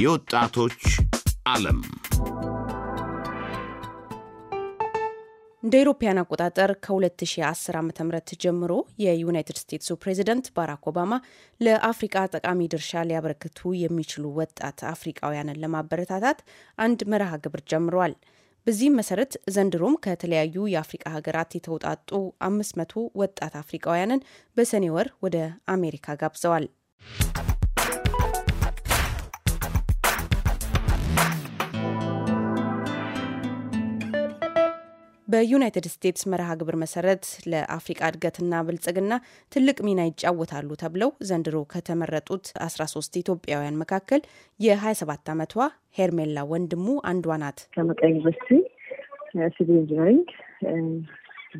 የወጣቶች ዓለም እንደ አውሮፓውያን አቆጣጠር ከ2010 ዓ ም ጀምሮ የዩናይትድ ስቴትሱ ፕሬዚደንት ባራክ ኦባማ ለአፍሪቃ ጠቃሚ ድርሻ ሊያበረክቱ የሚችሉ ወጣት አፍሪቃውያንን ለማበረታታት አንድ መርሃ ግብር ጀምረዋል። በዚህም መሰረት ዘንድሮም ከተለያዩ የአፍሪቃ ሀገራት የተውጣጡ 500 ወጣት አፍሪቃውያንን በሰኔ ወር ወደ አሜሪካ ጋብዘዋል። በዩናይትድ ስቴትስ መርሃ ግብር መሰረት ለአፍሪቃ እድገትና ብልጽግና ትልቅ ሚና ይጫወታሉ ተብለው ዘንድሮ ከተመረጡት 13 ኢትዮጵያውያን መካከል የ27 ዓመቷ ሄርሜላ ወንድሙ አንዷ ናት። ከመቀሌ ዩኒቨርሲቲ ሲቪል ኢንጂነሪንግ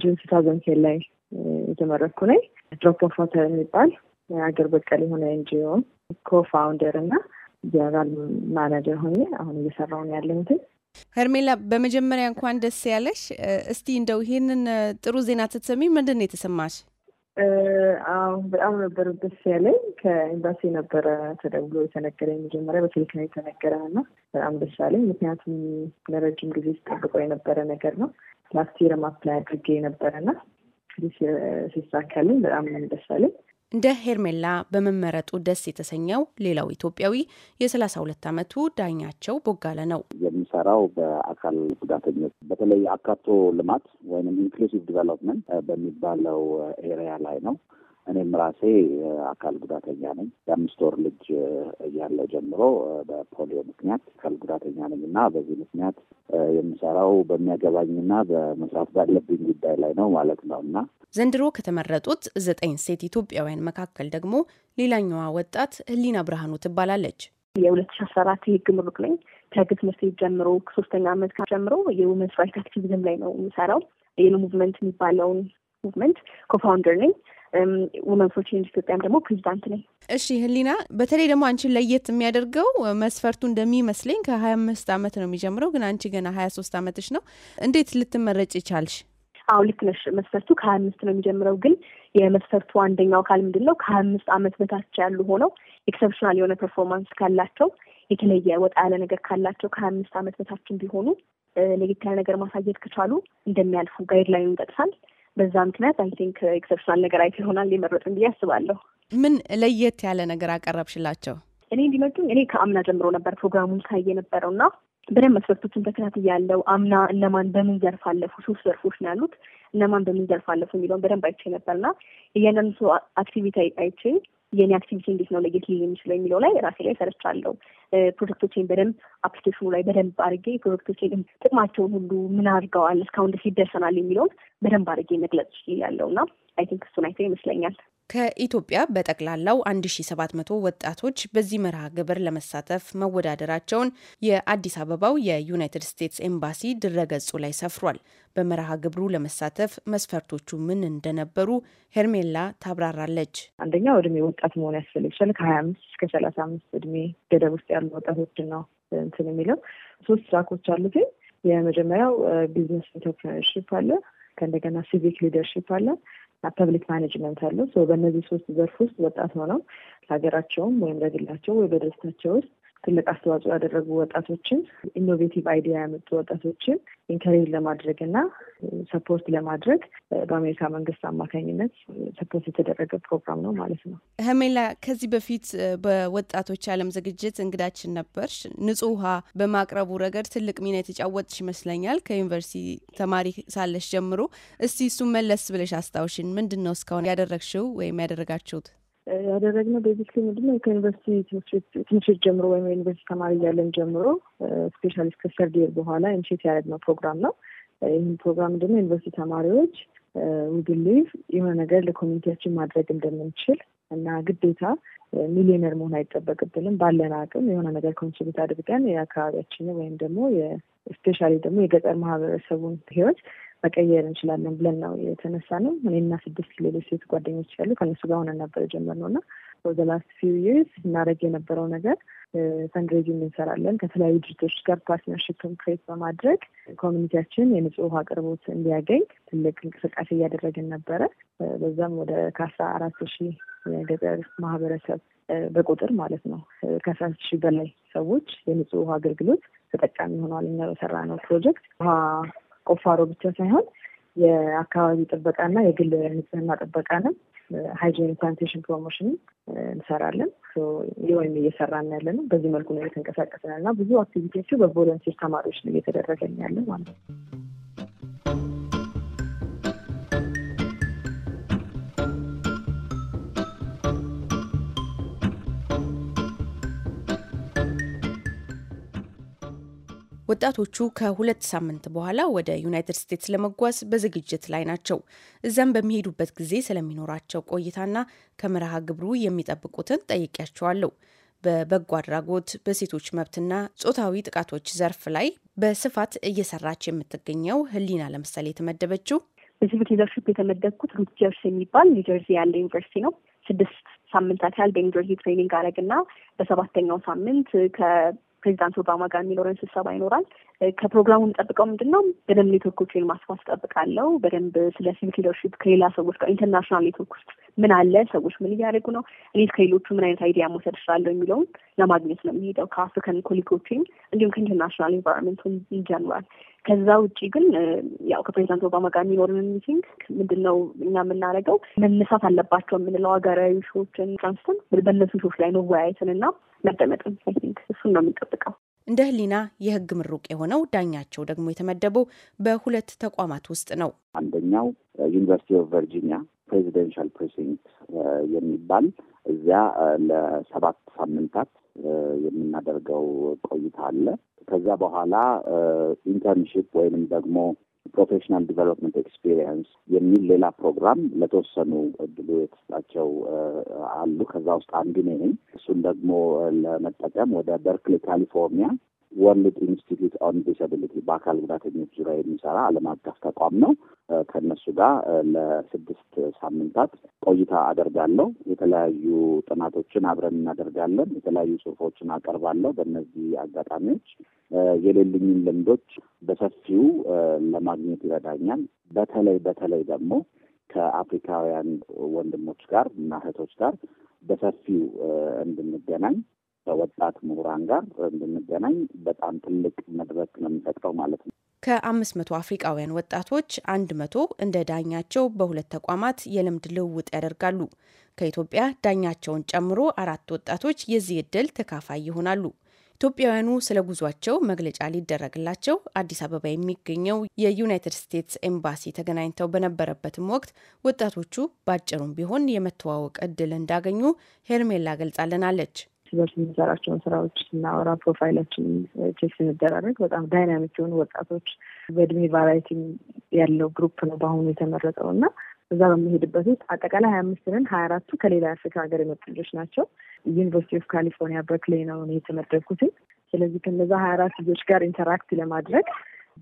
ጁን ቱ ላይ የተመረኩ ነኝ። ድሮፕ ኦፍ ዋተር የሚባል የሀገር በቀል የሆነ ኤንጂኦ ኮፋውንደር እና ጀነራል ማናጀር ሆኜ አሁን እየሰራውን ያለሁትን ሄርሜላ በመጀመሪያ እንኳን ደስ ያለሽ። እስቲ እንደው ይህንን ጥሩ ዜና ስትሰሚ ምንድን ነው የተሰማሽ? አዎ በጣም ነበር ደስ ያለኝ። ከኤምባሲ ነበረ ተደውሎ የተነገረኝ መጀመሪያ በስልክ ነው የተነገረን እና በጣም ደስ ያለኝ፣ ምክንያቱም ለረጅም ጊዜ ስጠብቀው የነበረ ነገር ነው። ላስት የር ማፕላይ አድርጌ ነበረና ሲሳካልኝ በጣም ደስ ያለኝ። እንደ ሄርሜላ በመመረጡ ደስ የተሰኘው ሌላው ኢትዮጵያዊ የ32 ዓመቱ ዳኛቸው ቦጋለ ነው። የሚሰራው በአካል ጉዳተኞች በተለይ አካቶ ልማት ወይም ኢንክሉሲቭ ዲቨሎፕመንት በሚባለው ኤሪያ ላይ ነው። እኔም ራሴ አካል ጉዳተኛ ነኝ። የአምስት ወር ልጅ እያለ ጀምሮ በፖሊዮ ምክንያት አካል ጉዳተኛ ነኝ እና በዚህ ምክንያት የምሰራው በሚያገባኝና በመስራት ባለብኝ ጉዳይ ላይ ነው ማለት ነው እና ዘንድሮ ከተመረጡት ዘጠኝ ሴት ኢትዮጵያውያን መካከል ደግሞ ሌላኛዋ ወጣት ህሊና ብርሃኑ ትባላለች። የሁለት ሺ አስራ አራት የህግ ምሩቅ ነኝ። ከህግ ትምህርት ቤት ጀምሮ ከሶስተኛ አመት ጀምሮ የውመንስ ራይት አክቲቪዝም ላይ ነው የሚሰራው። ሙቭመንት የሚባለውን ሙቭመንት ኮፋውንደር ነኝ። ውመን ፎር ቼንጅ ኢትዮጵያም ደግሞ ፕሬዚዳንት ነኝ። እሺ ህሊና፣ በተለይ ደግሞ አንቺን ለየት የሚያደርገው መስፈርቱ እንደሚመስለኝ ከሀያ አምስት አመት ነው የሚጀምረው፣ ግን አንቺ ገና ሀያ ሶስት አመትሽ ነው። እንዴት ልትመረጭ ይቻልሽ? አሁ ልክ ነሽ። መስፈርቱ ከሀያ አምስት ነው የሚጀምረው፣ ግን የመስፈርቱ አንደኛው አካል ምንድን ነው? ከሀያ አምስት አመት በታች ያሉ ሆነው ኤክሰፕሽናል የሆነ ፐርፎርማንስ ካላቸው የተለየ ወጣ ያለ ነገር ካላቸው ከሀያ አምስት አመት በታችን ቢሆኑ ለየት ያለ ነገር ማሳየት ከቻሉ እንደሚያልፉ ጋይድላይኑ ይጠቅሳል። በዛ ምክንያት አይ ቲንክ ኤክሰፕሽናል ነገር አይቶ ይሆናል የመረጡን ብዬ አስባለሁ። ምን ለየት ያለ ነገር አቀረብሽላቸው? እኔ እንዲመጡ እኔ ከአምና ጀምሮ ነበር ፕሮግራሙን ሳይ የነበረው እና በደንብ መስፈርቶችን እያለው አምና እነማን በምን ዘርፍ አለፉ፣ ሶስት ዘርፎች ነው ያሉት፣ እነማን በምን ዘርፍ አለፉ የሚለውን በደንብ አይቼ ነበር ነበርና እያንዳንዱ ሰው አክቲቪቲ አይቼ የኔ አክቲቪቲ እንዴት ነው ለየት ሊል የሚችለው የሚለው ላይ ራሴ ላይ ሰርቻለሁ። ፕሮጀክቶቼን በደንብ አፕሊኬሽኑ ላይ በደንብ አድርጌ ፕሮጀክቶቼን ጥቅማቸውን ሁሉ ምን አድርገዋል እስካሁን ደስ ይደርሰናል የሚለውን በደንብ አድርጌ መግለጽ ያለው እና አይ ቲንክ እሱን አይተው ይመስለኛል። ከኢትዮጵያ በጠቅላላው 1700 ወጣቶች በዚህ መርሃ ግብር ለመሳተፍ መወዳደራቸውን የአዲስ አበባው የዩናይትድ ስቴትስ ኤምባሲ ድረገጹ ላይ ሰፍሯል። በመርሃ ግብሩ ለመሳተፍ መስፈርቶቹ ምን እንደነበሩ ሄርሜላ ታብራራለች። አንደኛው እድሜ ወጣት መሆን ያስፈልግሻል። ከ ከ25 እስከ 35 እድሜ ገደብ ውስጥ ያሉ ወጣቶችን ነው እንትን የሚለው። ሶስት ትራኮች አሉት። የመጀመሪያው ቢዝነስ ኢንተርፕረነርሺፕ አለ። ከእንደገና ሲቪክ ሊደርሺፕ አለ ፐብሊክ ማኔጅመንት አለው። በእነዚህ ሶስት ዘርፍ ውስጥ ወጣት ሆነው ለሀገራቸውም ወይም ለግላቸው ወይ በደስታቸው ውስጥ ትልቅ አስተዋጽኦ ያደረጉ ወጣቶችን ኢኖቬቲቭ አይዲያ ያመጡ ወጣቶችን ኢንከሬጅ ለማድረግ እና ሰፖርት ለማድረግ በአሜሪካ መንግስት አማካኝነት ሰፖርት የተደረገ ፕሮግራም ነው ማለት ነው። ሀሜላ ከዚህ በፊት በወጣቶች አለም ዝግጅት እንግዳችን ነበርሽ። ንጹህ ውሃ በማቅረቡ ረገድ ትልቅ ሚና የተጫወጥሽ ይመስለኛል ከዩኒቨርሲቲ ተማሪ ሳለሽ ጀምሮ። እስቲ እሱን መለስ ብለሽ አስታውሽን። ምንድን ነው እስካሁን ያደረግሽው ወይም ያደረጋችሁት? ያደረግነው ቤዚክሊ ምንድነው ከዩኒቨርሲቲ ትምህርት ቤት ጀምሮ ወይም ዩኒቨርሲቲ ተማሪ እያለን ጀምሮ ስፔሻሊስት uh, ከሰርድ ይር በኋላ ኢኒሼት ያደረግነው ፕሮግራም ነው። ይህን ፕሮግራም ደግሞ ዩኒቨርሲቲ ተማሪዎች ውግሌፍ የሆነ ነገር ለኮሚኒቲያችን ማድረግ እንደምንችል እና ግዴታ ሚሊዮነር መሆን አይጠበቅብንም። ባለን አቅም የሆነ ነገር ኮንትሪቢት አድርገን የአካባቢያችንን ወይም ደግሞ ስፔሻሊ ደግሞ የገጠር ማህበረሰቡን ህይወት መቀየር እንችላለን ብለን ነው የተነሳ ነው። እኔና ስድስት ሌሎች ሴት ጓደኞች ያሉ ከእነሱ ጋር ሆነን ነበር የጀመርነው እና ወደ ላስት ፊው ይርስ እናደርግ የነበረው ነገር ፈንድሬዚንግ እንሰራለን ከተለያዩ ድርጅቶች ጋር ፓርትነርሽፕን ክሬት በማድረግ ኮሚኒቲያችን የንጹህ ውሃ አቅርቦት እንዲያገኝ ትልቅ እንቅስቃሴ እያደረግን ነበረ። በዛም ወደ ከአስራ አራት ሺህ የገጠር ማህበረሰብ በቁጥር ማለት ነው ከአስራ ሺህ በላይ ሰዎች የንጹህ ውሃ አገልግሎት ተጠቃሚ ሆኗል። እኛ በሰራነው ፕሮጀክት ውሃ ቁፋሮ ብቻ ሳይሆን የአካባቢ ጥበቃና የግል ንጽህና ጥበቃንም ሃይጂን ፕላንቴሽን ፕሮሞሽን እንሰራለን። ወይም እየሰራን ያለ ነው። በዚህ መልኩ ነው እየተንቀሳቀስን እና ብዙ አክቲቪቲዎቹ በቮለንቲር ተማሪዎች ነው እየተደረገን ያለ ማለት ነው። ወጣቶቹ ከሁለት ሳምንት በኋላ ወደ ዩናይትድ ስቴትስ ለመጓዝ በዝግጅት ላይ ናቸው። እዛም በሚሄዱበት ጊዜ ስለሚኖራቸው ቆይታና ከመርሃ ግብሩ የሚጠብቁትን ጠይቄያቸዋለሁ። በበጎ አድራጎት በሴቶች መብትና ጾታዊ ጥቃቶች ዘርፍ ላይ በስፋት እየሰራች የምትገኘው ህሊና ለምሳሌ የተመደበችው በሲቪክ ሊደርሽፕ የተመደብኩት ሩትጀርስ የሚባል ኒውጀርዚ ያለ ዩኒቨርሲቲ ነው። ስድስት ሳምንታት ያህል በኒውጀርዚ ትሬኒንግ አረግና በሰባተኛው ሳምንት ፕሬዚዳንት ኦባማ ጋር የሚኖረን ስብሰባ ይኖራል። ከፕሮግራሙ የምጠብቀው ምንድን ነው? በደንብ ኔትወርኮችን ማስፋት ጠብቃለው። በደንብ ስለ ሲቪክ ሊደርሺፕ ከሌላ ሰዎች ጋር ኢንተርናሽናል ኔትወርክ ውስጥ ምን አለ፣ ሰዎች ምን እያደረጉ ነው፣ እኔት ከሌሎቹ ምን አይነት አይዲያ መውሰድ እችላለሁ የሚለውን ለማግኘት ነው የሚሄደው ከአፍሪካን ኮሊጎችም እንዲሁም ከኢንተርናሽናል ኢንቫይሮንመንቱ ይጀምራል። ከዛ ውጭ ግን ያው ከፕሬዚዳንት ኦባማ ጋር የሚኖርን ሚቲንግ ምንድን ነው እኛ የምናደርገው መነሳት አለባቸው የምንለው ሀገራዊ ሾዎችን ትራንስተን በእነሱ ሾዎች ላይ መወያየትንና መደመጥን አይ ቲንክ እሱን ነው የምንጠብቀው። እንደ ህሊና የህግ ምሩቅ የሆነው ዳኛቸው ደግሞ የተመደበው በሁለት ተቋማት ውስጥ ነው። አንደኛው ዩኒቨርሲቲ ኦፍ ቨርጂኒያ ፕሬዚደንሻል ፕሬሲንክት የሚባል እዚያ ለሰባት ሳምንታት የምናደርገው ቆይታ አለ። ከዛ በኋላ ኢንተርንሽፕ ወይንም ደግሞ ፕሮፌሽናል ዲቨሎፕመንት ኤክስፒሪየንስ የሚል ሌላ ፕሮግራም ለተወሰኑ እድሉ የተሰጣቸው አሉ። ከዛ ውስጥ አንዱ ነኝ። እሱን ደግሞ ለመጠቀም ወደ በርክሌ ካሊፎርኒያ ወርልድ ኢንስቲትዩት ኦን ዲስብሊቲ በአካል ጉዳተኞች ዙሪያ የሚሰራ ዓለም አቀፍ ተቋም ነው። ከእነሱ ጋር ለስድስት ሳምንታት ቆይታ አደርጋለሁ። የተለያዩ ጥናቶችን አብረን እናደርጋለን። የተለያዩ ጽሁፎችን አቀርባለሁ። በእነዚህ አጋጣሚዎች የሌሉኝን ልምዶች በሰፊው ለማግኘት ይረዳኛል። በተለይ በተለይ ደግሞ ከአፍሪካውያን ወንድሞች ጋር እና እህቶች ጋር በሰፊው እንድንገናኝ ከወጣት ምሁራን ጋር እንድንገናኝ በጣም ትልቅ መድረክ ነው የሚፈጥረው ማለት ነው። ከአምስት መቶ አፍሪቃውያን ወጣቶች አንድ መቶ እንደ ዳኛቸው በሁለት ተቋማት የልምድ ልውውጥ ያደርጋሉ። ከኢትዮጵያ ዳኛቸውን ጨምሮ አራት ወጣቶች የዚህ እድል ተካፋይ ይሆናሉ። ኢትዮጵያውያኑ ስለ ጉዟቸው መግለጫ ሊደረግላቸው አዲስ አበባ የሚገኘው የዩናይትድ ስቴትስ ኤምባሲ ተገናኝተው በነበረበትም ወቅት ወጣቶቹ ባጭሩም ቢሆን የመተዋወቅ እድል እንዳገኙ ሄርሜላ ገልጻልናለች። በርስ የምንሰራቸውን ስራዎች ስናወራ ፕሮፋይላችን ቼክ ስንደራረግ በጣም ዳይናሚክ የሆኑ ወጣቶች በእድሜ ቫራይቲ ያለው ግሩፕ ነው በአሁኑ የተመረጠው እና እዛ በሚሄድበት ውስጥ አጠቃላይ ሀያ አምስት ነን። ሀያ አራቱ ከሌላ የአፍሪካ ሀገር የመጡ ልጆች ናቸው። ዩኒቨርሲቲ ኦፍ ካሊፎርኒያ በርክሌ ነው የተመደብኩትኝ። ስለዚህ ከነዛ ሀያ አራት ልጆች ጋር ኢንተራክት ለማድረግ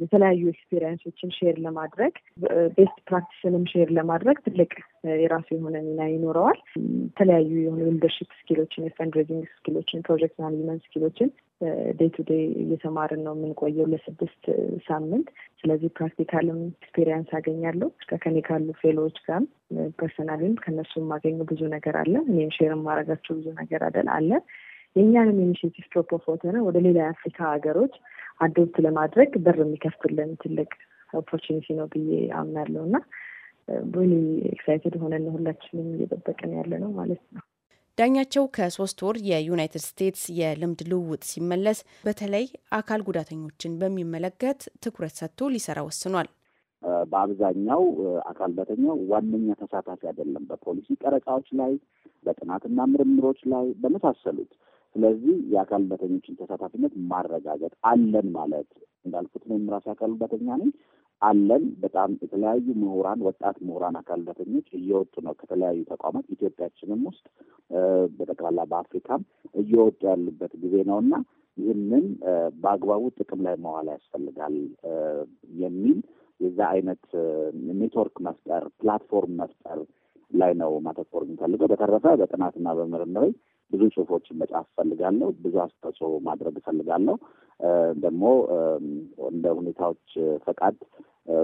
የተለያዩ ኤክስፔሪንሶችን ሼር ለማድረግ ቤስት ፕራክቲስንም ሼር ለማድረግ ትልቅ የራሱ የሆነ ሚና ይኖረዋል። የተለያዩ የሆኑ ሊደርሽፕ ስኪሎችን፣ የፈንድሬዚንግ ስኪሎችን፣ ፕሮጀክት ማኔጅመንት ስኪሎችን ዴይ ቱ ዴይ እየተማርን ነው የምንቆየው ለስድስት ሳምንት። ስለዚህ ፕራክቲካልም ኤክስፔሪንስ አገኛለሁ ከከኔ ካሉ ፌሎዎች ጋር ፐርሰናልም ከነሱ የማገኘው ብዙ ነገር አለ። እኔም ሼር የማደርጋቸው ብዙ ነገር አደል አለ። የእኛንም ኢኒሽቲቭ ፕሮፖፎተን ወደ ሌላ የአፍሪካ ሀገሮች አዶፕት ለማድረግ በር የሚከፍትልን ትልቅ ኦፖርቹኒቲ ነው ብዬ አምናለሁ እና ሪሊ ኤክሳይትድ ሆነን ሁላችንም እየጠበቅን ያለ ነው ማለት ነው። ዳኛቸው ከሶስት ወር የዩናይትድ ስቴትስ የልምድ ልውውጥ ሲመለስ በተለይ አካል ጉዳተኞችን በሚመለከት ትኩረት ሰጥቶ ሊሰራ ወስኗል። በአብዛኛው አካል ጉዳተኛው ዋነኛ ተሳታፊ አይደለም። በፖሊሲ ቀረጻዎች ላይ፣ በጥናትና ምርምሮች ላይ በመሳሰሉት ስለዚህ የአካል ጉዳተኞችን ተሳታፊነት ማረጋገጥ አለን ማለት እንዳልኩት ነው። የምራሴ አካል ጉዳተኛ ነኝ አለን። በጣም የተለያዩ ምሁራን፣ ወጣት ምሁራን አካል ጉዳተኞች እየወጡ ነው ከተለያዩ ተቋማት ኢትዮጵያችንም ውስጥ በጠቅላላ በአፍሪካም እየወጡ ያሉበት ጊዜ ነው እና ይህንን በአግባቡ ጥቅም ላይ መዋል ያስፈልጋል የሚል የዛ አይነት ኔትወርክ መፍጠር ፕላትፎርም መፍጠር ላይ ነው ማተኮር የሚፈልገው። በተረፈ በጥናትና በምርምር ብዙ ጽሁፎችን መጻፍ እፈልጋለሁ። ብዙ አስተዋጽኦ ማድረግ እፈልጋለሁ። ደግሞ እንደ ሁኔታዎች ፈቃድ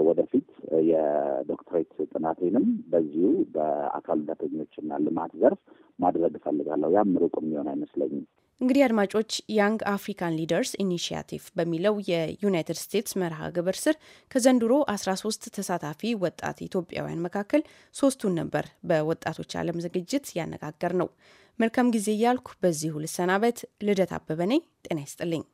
ወደፊት የዶክትሬት ጥናቴንም በዚሁ በአካል ጉዳተኞችና ልማት ዘርፍ ማድረግ እፈልጋለሁ። ያም ሩቅ የሚሆን አይመስለኝም። እንግዲህ አድማጮች ያንግ አፍሪካን ሊደርስ ኢኒሺያቲቭ በሚለው የዩናይትድ ስቴትስ መርሃ ግብር ስር ከዘንድሮ 13 ተሳታፊ ወጣት ኢትዮጵያውያን መካከል ሶስቱን ነበር በወጣቶች ዓለም ዝግጅት ያነጋገር ነው። መልካም ጊዜ እያልኩ በዚሁ ልሰናበት። ልደት አበበ ነኝ። ጤና ይስጥልኝ።